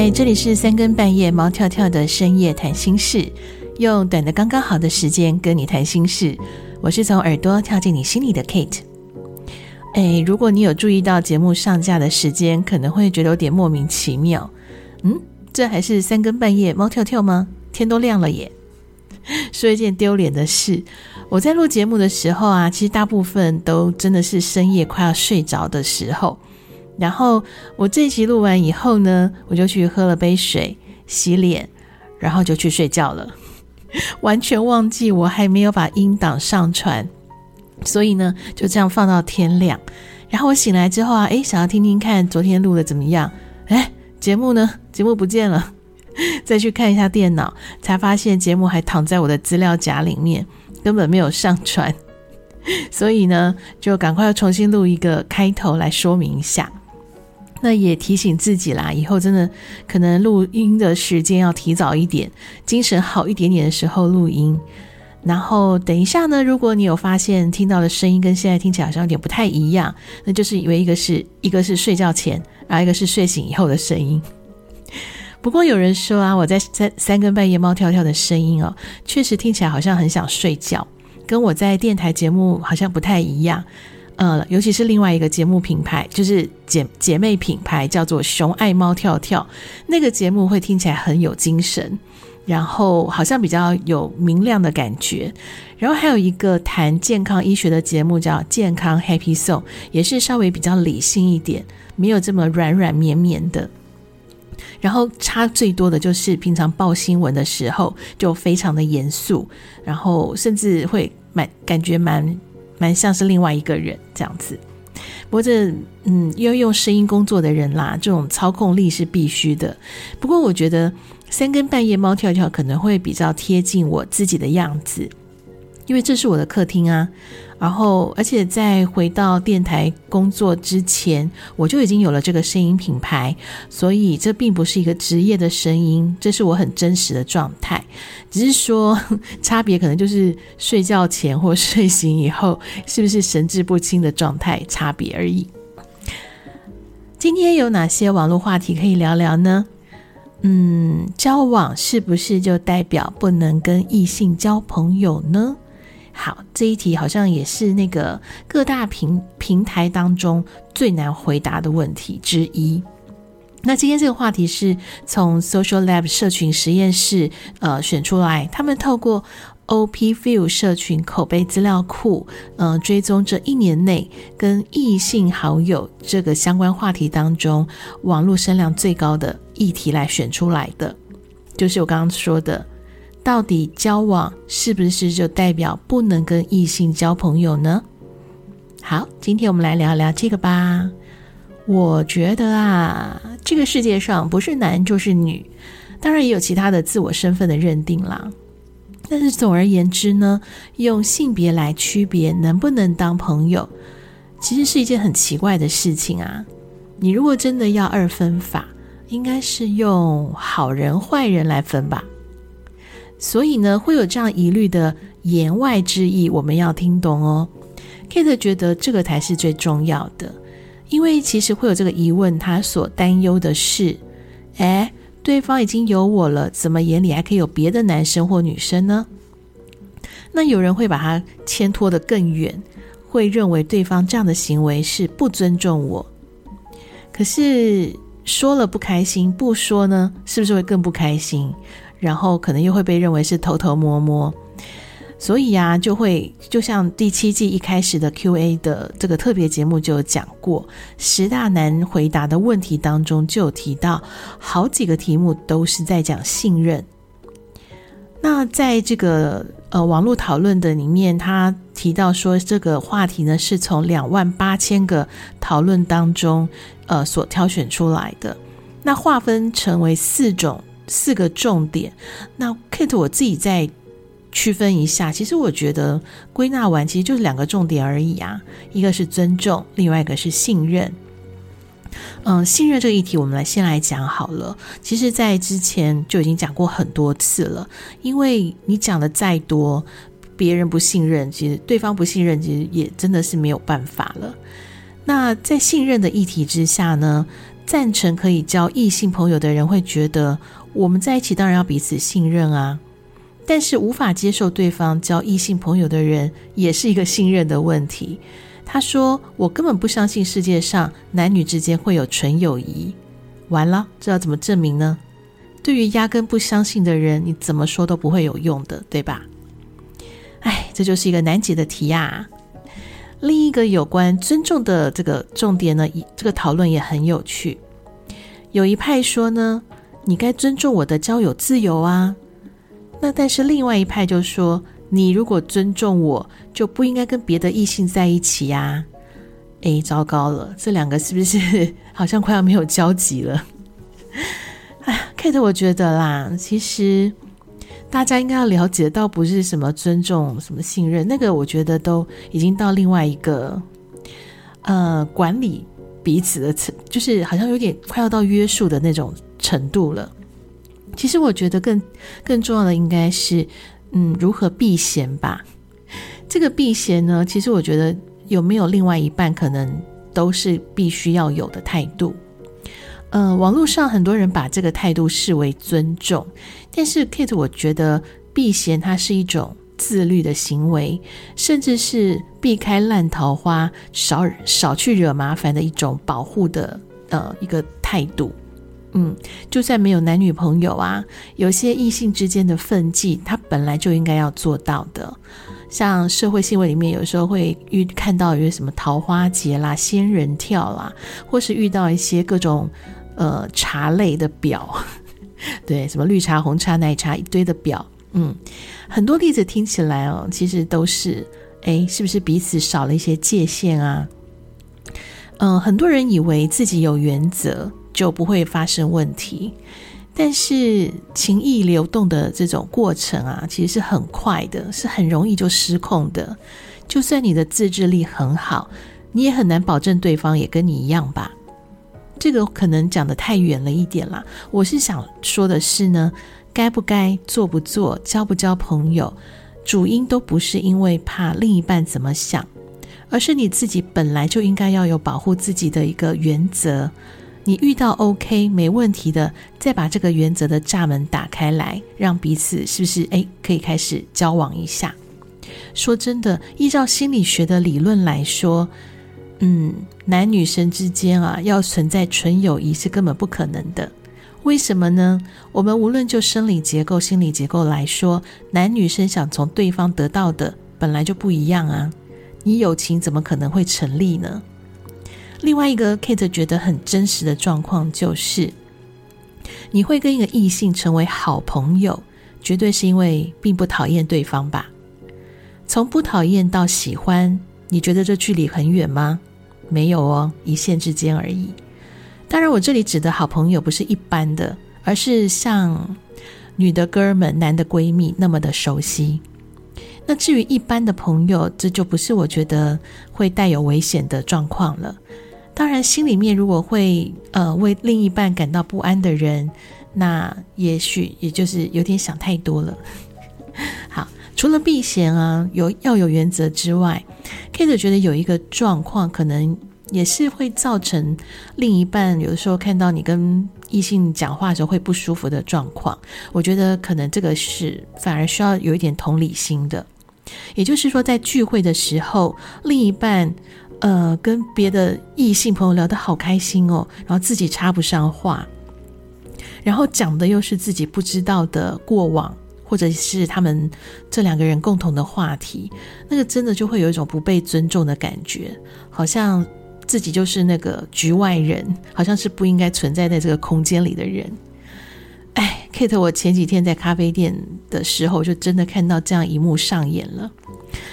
哎，這裡是三更半夜，貓跳跳的深夜談心室，用短的剛剛好的時間跟你談心事。我是從耳朵跳進你心裡的 Kate。哎，如果你有注意到節目上架的時間，可能會覺得有點莫名其妙。嗯，這還是三更半夜，貓跳跳嗎？天都亮了耶。說一件丟臉的事，我在錄節目的時候啊，其實大部分都真的是深夜快要睡着的時候。然後我這集錄完以後呢，我就去喝了杯水、洗臉，然後就去睡覺了。完全忘記我還沒有把音檔上傳，所以呢就這樣放到天亮。然後我醒來之後啊，誒，想要聽聽看昨天錄的怎麼樣？誒，節目呢？節目不見了。再去看一下電腦，才發現節目還躺在我的資料夾裡面，根本沒有上傳。所以呢，就趕快要重新錄一個開頭來說明一下。那也提醒自己啦，以後真的可能錄音的時間要提早一點，精神好一點點的時候錄音。然後等一下呢，如果你有發現聽到的聲音跟現在聽起來好像有點不太一樣，那就是因為一個是，一個是睡覺前，然後一個是睡醒以後的聲音。不過有人說啊，我在三三更半夜貓跳跳的聲音哦，確實聽起來好像很想睡覺，跟我在電台節目好像不太一樣。呃，尤其是另外一個節目品牌，就是姐姐妹品牌，叫做“熊愛貓跳跳”那個節目，會聽起來很有精神，然後好像比較有明亮的感覺。然後還有一個談健康醫學的節目，叫“健康 Happy Song”，也是稍微比較理性一點，沒有這麼軟軟綿綿的。然後差最多的就是平常報新聞的時候，就非常的嚴肅，然後甚至會蠻感覺蠻。蠻像是另外一個人這樣子，不過這嗯，要用聲音工作的人啦，這種操控力，是必須的。不過我覺得三更半夜貓跳跳可能會比較貼近我自己的樣子。因為這是我的客廳啊，然後而且在回到電台工作之前，我就已經有了這個聲音品牌，所以這並不是一個職業的聲音，這是我很真實的狀態，只是說差別可能就是睡覺前或睡醒以後是不是神志不清的狀態差別而已。今天有哪些網絡話題可以聊聊呢？嗯，交往是不是就代表不能跟異性交朋友呢？好，這一題好像也是那個各大平平臺當中最難回答的問題之一。那今天這個話題是從 Social Lab 社群實驗室，呃，選出來，他們透過 OpView 社群口碑資料庫，呃，追蹤這一年內跟異性好友這個相關話題當中，網絡聲量最高的議題來選出來的，就是我剛剛說的。到底交往是不是就代表不能跟異性交朋友呢？好，今天我們來聊聊這個吧。我覺得啊，這個世界上不是男就是女，當然也有其他的自我身份的認定啦。但是總而言之呢，用性別來區別能不能當朋友，其實是一件很奇怪的事情啊。你如果真的要二分法，應該是用好人壞人來分吧。所以呢，會有這樣疑慮的言外之意，我們要聽懂哦。Kate 覺得這個才是最重要的，因為其實會有這個疑問，他所擔憂的是：哎，對方已經有我了，怎麼眼裡還可以有別的男生或女生呢？那有人會把他牽拖得更遠，會認為對方這樣的行為是不尊重我。可是說了不開心，不說呢，是不是會更不開心？然後可能又會被認為是偷偷摸摸，所以呀、啊，就會就像第七季一開始的 Q&A 的這個特別節目就有講過，十大難回答的問題當中就有提到，好幾個題目都是在講信任。那在這個呃網絡討論的裡面，他提到說這個話題呢是從兩萬八千個討論當中呃所挑選出來的，那劃分成為四種。四個重點，那 Kate，我自己再區分一下。其實我覺得歸納完其實就是兩個重點而已啊，一個是尊重，另外一個是信任。嗯，信任這個議題，我們來先來講好了。其實，在之前就已經講過很多次了，因為你講的再多，別人不信任，其實對方不信任，其實也真的是沒有辦法了。那在信任的議題之下呢，贊成可以交異性朋友的人會覺得。我們在一起當然要彼此信任啊，但是無法接受對方交異性朋友的人也是一個信任的問題。他說：“我根本不相信世界上男女之間會有純友誼。”完了，這要怎麼證明呢？對於壓根不相信的人，你怎麼說都不會有用的，對吧？哎，這就是一個難解的題啊。另一個有關尊重的這個重點呢，這個討論也很有趣。有一派說呢。你該尊重我的交友自由啊！那但是另外一派就說，你如果尊重我，就不應該跟別的異性在一起呀，啊。誒，糟糕了，這兩個是不是好像快要沒有交集了？哎呀，Kate，我覺得啦，其實大家應該要了解，倒不是什麼尊重、什麼信任，那個我覺得都已經到另外一個呃管理彼此的層，就是好像有點快要到約束的那種。程度了，其實我覺得更更重要的應該是，嗯，如何避嫌吧。這個避嫌呢，其實我覺得有沒有另外一半，可能都是必須要有的態度。呃，網絡上很多人把這個態度視為尊重，但是 Kate，我覺得避嫌它是一種自律的行為，甚至是避開爛桃花、少少去惹麻煩的一種保護的呃一個態度。嗯，就算沒有男女朋友啊，有些異性之間的分際，他本來就應該要做到的。像社會新聞裡面，有時候會遇看到有些什麼桃花劫啦、仙人跳啦，或是遇到一些各種呃茶類的表， 對，什麼綠茶、紅茶、奶茶一堆的表。嗯，很多例子聽起來哦，其實都是，哎，是不是彼此少了一些界限啊？嗯、呃，很多人以為自己有原則。就不會發生問題，但是情意流動的這種過程啊，其實是很快的，是很容易就失控的。就算你的自制力很好，你也很難保證對方也跟你一樣吧。這個可能講得太遠了一點啦。我是想說的是呢，該不該，做不做，交不交朋友，主因都不是因為怕另一半怎麼想，而是你自己本來就應該要有保護自己的一個原則。你遇到 OK，沒問題的，再把這個原則的閘門打開來，讓彼此是不是誒可以開始交往一下？說真的，依照心理學的理論來說，嗯，男女生之間啊，要存在純友誼是根本不可能的。為什麼呢？我們無論就生理結構、心理結構來說，男女生想從對方得到的本來就不一樣啊，你友情怎麼可能會成立呢？另外一個 Kate 覺得很真實的狀況就是，你會跟一個異性成為好朋友，絕對是因為並不討厭對方吧？從不討厭到喜歡，你覺得這距離很遠嗎？沒有哦，一線之間而已。當然，我這裡指的好朋友不是一般的，而是像女的哥兒們、男的閨蜜那麼的熟悉。那至於一般的朋友，這就不是我覺得會帶有危險的狀況了。當然，心裡面如果會呃為另一半感到不安的人，那也許也就是有點想太多了。 好，除了避嫌啊，有要有原則之外 Kate 覺得有一個狀況可能也是會造成另一半有的時候看到你跟異性講話的時候會不舒服的狀況。我覺得可能這個是反而需要有一點同理心的，也就是說，在聚會的時候，另一半，呃，跟別的異性朋友聊得好開心哦，然後自己插不上話，然後講的又是自己不知道的過往，或者是他們這兩個人共同的話題，那個真的就會有一種不被尊重的感覺，好像自己就是那個局外人，好像是不應該存在在這個空間裡的人。哎，Kate，我前幾天在咖啡店的時候，就真的看到這樣一幕上演了。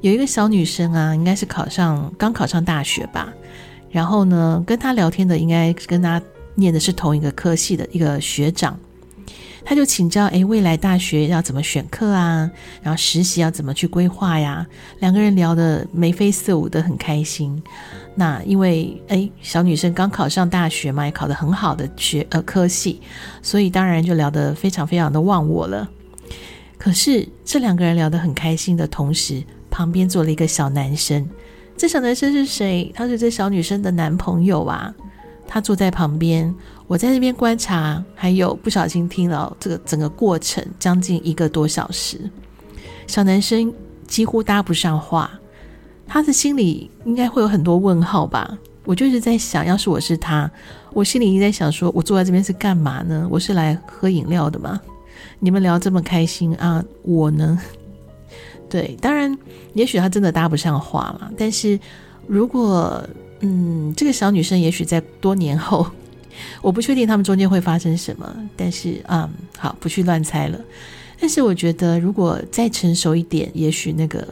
有一個小女生啊，應該是考上，剛考上大學吧，然後呢，跟她聊天的應該跟她念的是同一個科系的一個學長。他就請教誒，未來大學要怎麼選課啊？然後實習要怎麼去規劃呀？兩個人聊得眉飛色舞的，很開心。那因為誒，小女生剛考上大學嘛，也考得很好的學呃科系，所以當然就聊得非常非常的忘我了。可是這兩個人聊得很開心的同時，旁邊坐了一個小男生。這小男生是誰？他是這小女生的男朋友啊。他坐在旁邊，我在這邊觀察，還有不小心聽了這個整個過程將近一個多小時。小男生幾乎搭不上話，他的心裡應該會有很多問號吧？我就是在想，要是我是他，我心裡一直在想說：說我坐在這邊是幹嘛呢？我是來喝飲料的嗎？你們聊這麼開心啊，我呢？對，當然，也許他真的搭不上話了。但是如果嗯，這個小女生也許在多年後，我不確定他們中間會發生什麼，但是嗯，好，不去亂猜了。但是我覺得，如果再成熟一點，也許那個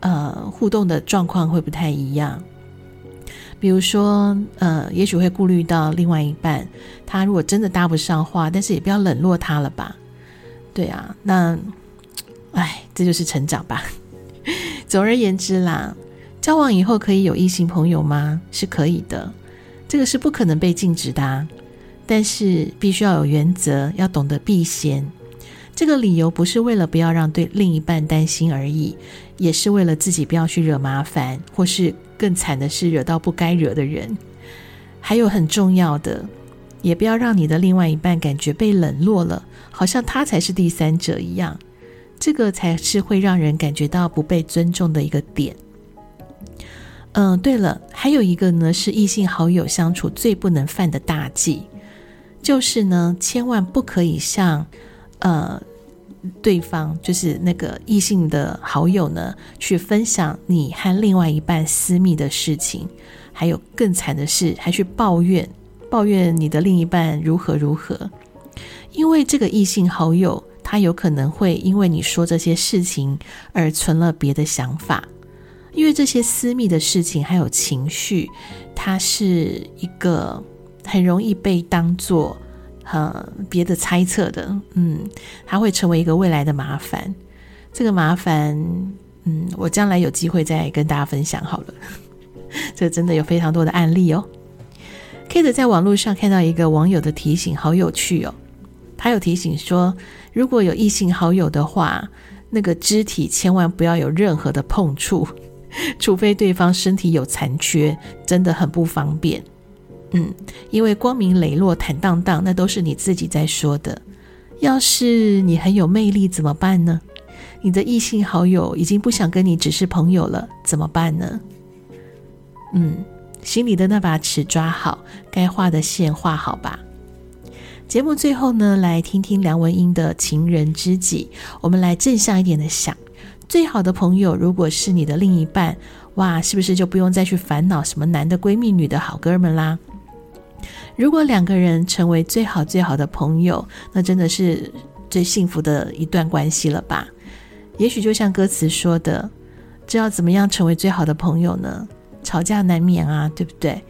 呃，互動的狀況會不太一樣。比如說，呃，也許會顧慮到另外一半，他如果真的搭不上話，但是也不要冷落他了吧？對啊，那，哎，這就是成長吧。 總而言之啦。交往以後可以有異性朋友嗎？是可以的，這個是不可能被禁止的啊，但是必須要有原則，要懂得避嫌。這個理由不是為了不要讓對另一半擔心而已，也是為了自己不要去惹麻煩，或是更慘的是惹到不該惹的人。還有很重要的，也不要讓你的另外一半感覺被冷落了，好像他才是第三者一樣。這個才是會讓人感覺到不被尊重的一個點。嗯，對了，還有一個呢，是異性好友相處最不能犯的大忌，就是呢，千萬不可以向，呃，對方，就是那個異性的好友呢，去分享你和另外一半私密的事情，還有更慘的是，還去抱怨，抱怨你的另一半如何如何，因為這個異性好友，他有可能會因為你說這些事情而存了別的想法。因為這些私密的事情，還有情緒，它是一個很容易被當做呃、嗯、別的猜測的，嗯，它會成為一個未來的麻煩。這個麻煩，嗯，我將來有機會再來跟大家分享好了。 這真的有非常多的案例哦。Kate 在網絡上看到一個網友的提醒，好有趣哦。他有提醒說，如果有異性好友的話，那個肢體千萬不要有任何的碰觸。除非對方身體有殘缺，真的很不方便。嗯，因為光明磊落、坦蕩蕩，那都是你自己在說的。要是你很有魅力怎麼辦呢？你的異性好友已經不想跟你只是朋友了，怎麼辦呢？嗯，心裡的那把尺抓好，該畫的線畫好吧。節目最後呢，來聽聽梁文音的《情人知己》，我們來正向一點的想。最好的朋友如果是你的另一半，哇，是不是就不用再去煩惱什麼男的閨蜜、女的好哥們啦？如果兩個人成為最好最好的朋友，那真的是最幸福的一段關係了吧？也許就像歌詞說的，這要怎麼樣成為最好的朋友呢？吵架難免啊，對不對？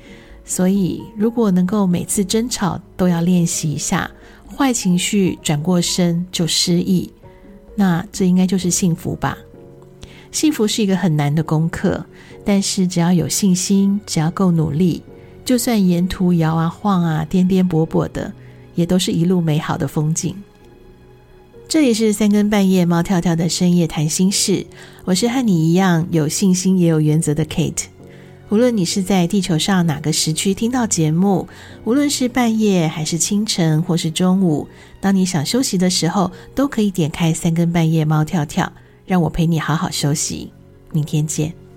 所以如果能夠每次爭吵都要練習一下，壞情緒轉過身就失憶，那這應該就是幸福吧？幸福是一個很難的功課，但是只要有信心，只要夠努力，就算沿途搖啊晃啊，顛顛簸簸的，也都是一路美好的風景。這也是三更半夜貓跳跳的深夜談心室，我是和你一樣有信心也有原則的 Kate。無論你是在地球上哪個時區聽到節目，無論是半夜還是清晨或是中午，當你想休息的時候，都可以點開三更半夜貓跳跳。讓我陪你好好休息，明天見。